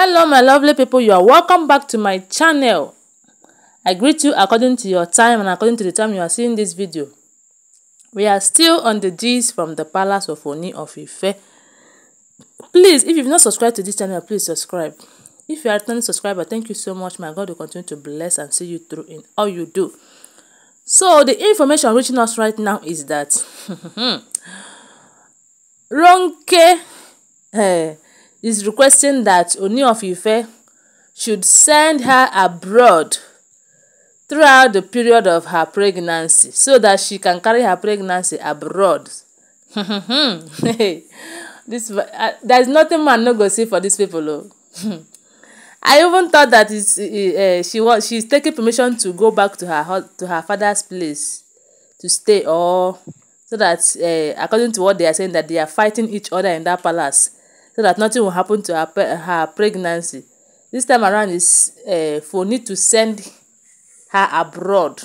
hello my lovely people you are welcome back to my channel i greet you according to your time and according to the time you are seeing this video we are still on the days from the palace of oni of ife please if you've not subscribed to this channel please subscribe if you are a returning subscriber thank you so much my god will continue to bless and see you through in all you do so the information reaching us right now is that Ronke hey. Eh, is requesting that Oni of Ife should send her abroad throughout the period of her pregnancy so that she can carry her pregnancy abroad. this uh, there is nothing man no go see for these people. Oh. I even thought that it's, uh, uh she was she's taking permission to go back to her to her father's place to stay or so that uh, according to what they are saying that they are fighting each other in that palace so that nothing will happen to her, her pregnancy. This time around is uh, for need to send her abroad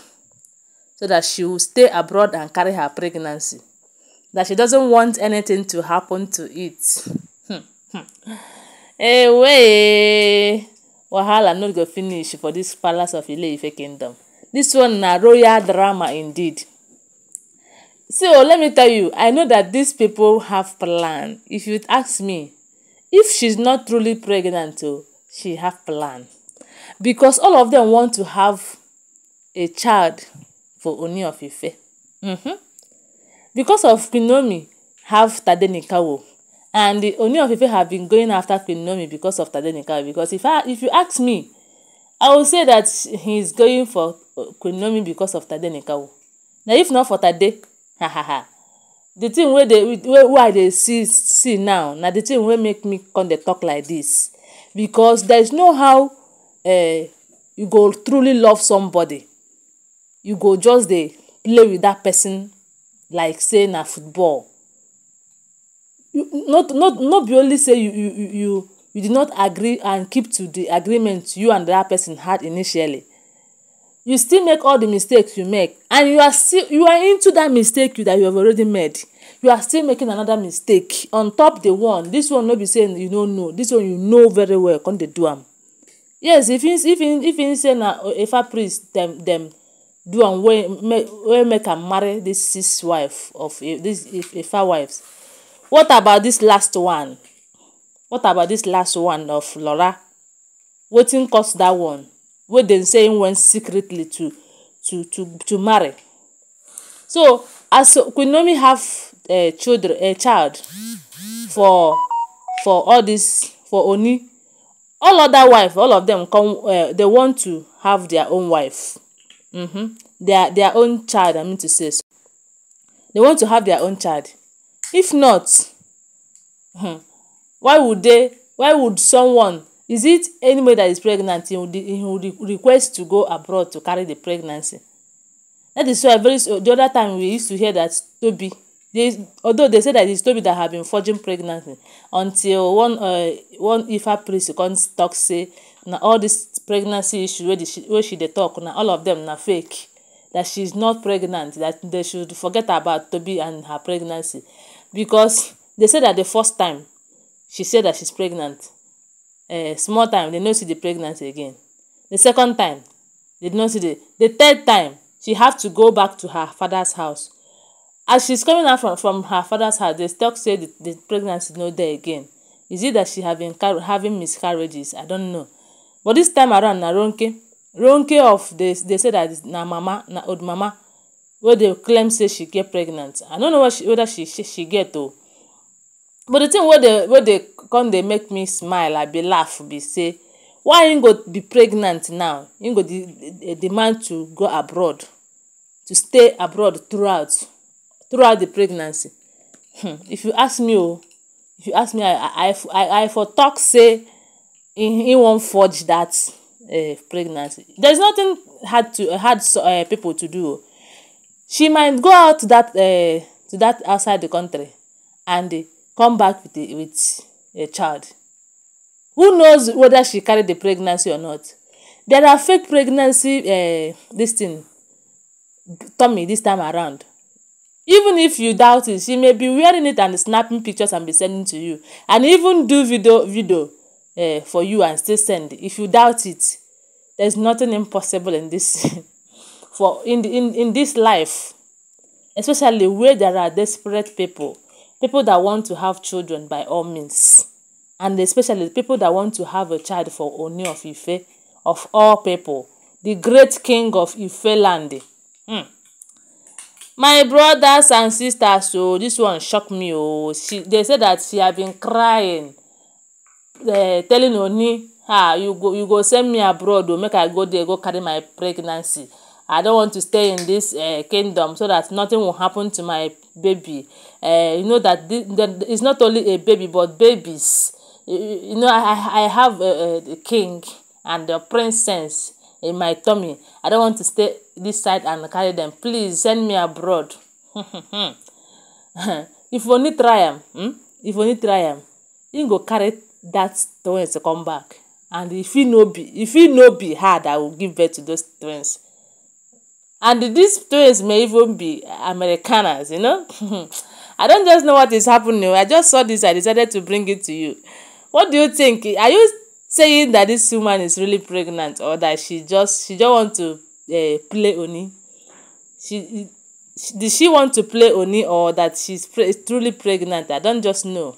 so that she will stay abroad and carry her pregnancy. That she doesn't want anything to happen to it. Ewe! Hmm. Hmm. Wahala not go finish for this palace of ile kingdom. This one a royal drama indeed. So let me tell you, I know that these people have plan. If you ask me, if she's not truly pregnant o oh, she have plan because all of them want to have a child for Ooni of Ife mm-hmm. because of Queen have have Tadenikawo and the Ooni of Ife have been going after Queen because of Tadenikawo because if I if you ask me I will say that he's going for Queen because of Tadenikawo Now if not for Tade ha ha ha the thing wey dey wey wey i dey see see now na the thing wey make me come dey talk like this because there is no how uh, you go truly love somebody you go just dey play with that person like say na football you not not no be only say you you you you did not agree and keep to the agreement you and that person had initially you still make all the mistakes you make and you are still you are into that mistake that you have already made you are still making another mistake on top the one this one no be saying you no know this one you know very well come dey do am yes if im if im if im say na efa priest dem dem do am wey make wey make am marry this six wife of this efa wives what about this last one what about this last one of lora wetin cause that one wey dem say im went secretly to to to to marry. So as Queen Naomi have uh, children, a eh, child for for all this for Oni, all other wife, all of them come. Uh, they want to have their own wife, mm-hmm. their their own child. I mean to say, so. they want to have their own child. If not, hmm, why would they? Why would someone is it anybody that is pregnant he would, he would request to go abroad to carry the pregnancy that is why very so the other time we used to hear that Toby. they although they say that it's Toby that have been forging pregnancy until one uh, one Ifa priest come talk say na all this pregnancy issue wey she wey she dey talk na all of them na fake that she is not pregnant that they should forget about Toby and her pregnancy because they say that the first time she say that she's pregnant um small time they no see the pregnancy again the second time they no see the the third time she have to go back to her father's house as she's coming out from from her father's house they talk say the, the pregnancy no dey again is it that she have been having miscarriages i don't know but this time around na ronke ronke of dey they say that na mama na old mama wey dey claim say she get pregnant i no know what she, whether she she, she get o but the thing wey dey come dey make me smile abi laugh be say why im go be pregnant now im go demand to go abroad to stay abroad throughout throughout the pregnancy hmm, if you ask me o oh, if you ask me i i i for talk say im wan forge that, um pregnancy there is nothing hard to hard um people to do o oh. she might go out that um to that outside the country and come back with a, with a child. Who knows whether she carried the pregnancy or not? There are fake pregnancy, uh, this thing, Tommy, this time around. Even if you doubt it, she may be wearing it and snapping pictures and be sending to you. And even do video video uh, for you and still send. If you doubt it, there's nothing impossible in this for in, the, in in this life especially where there are desperate people people that want to have children by all means and especially people that want to have a child for Oni of Ife of all people the great king of Ife land hmm. my brothers and sisters oh, this one shock me oh. she they say that she have been crying uh, telling Oni, ah you go you go send me abroad oh, make i go there go carry my pregnancy I don't want to stay in this uh, kingdom so that nothing will happen to my baby. Uh, you know that this, the, it's not only a baby but babies. You, you know I, I have a, a king and a princess in my tummy. I don't want to stay this side and carry them. Please send me abroad. if only try am hmm? if only try am im go carry that twins to come back and if he no be if he no be hard i will give birth to those twins and these twins may even be Americaners, you know. I don't just know what is happening. I just saw this. I decided to bring it to you. What do you think? Are you saying that this woman is really pregnant or that she just she just want to uh, play Oni? She, she did she want to play Oni or that she's pre truly pregnant? I don't just know.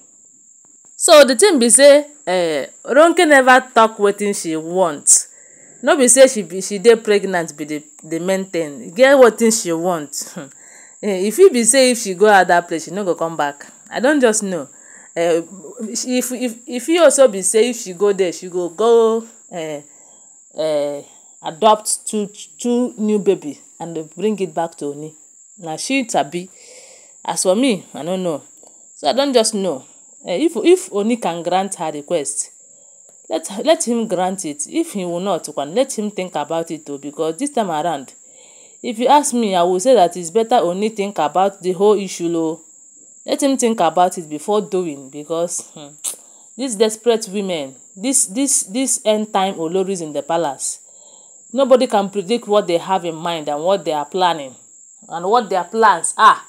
So the thing be say, uh, Ronke never talk wetin she want no be say she be she dey pregnant be the main thing e get wetin she want hmm. e eh, fit be say if she go out that place she no go come back I don just know Uh, if if e fit also be say if she go there she go go uh uh adopt two two new baby and bring it back to Oni. na she sabi as for me I no know so I don just know if if Oni can grant her request let, let him grant it if he will not kwan let him think about it too because this time around if you ask me i will say that it's better only think about the whole issue o let him think about it before doing because hmm, these desperate women this this this end time oloris in the palace nobody can predict what they have in mind and what they are planning and what their plans are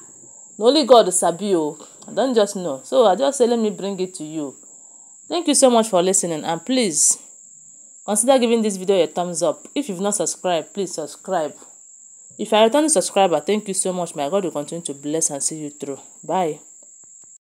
na only God sabi o oh. i don just know so i just say let me bring it to you Thank you so much for listening and please consider giving this video a thumbs up. If you've not subscribed, please subscribe. If you are a returning subscriber, thank you so much. May God will continue to bless and see you through. Bye.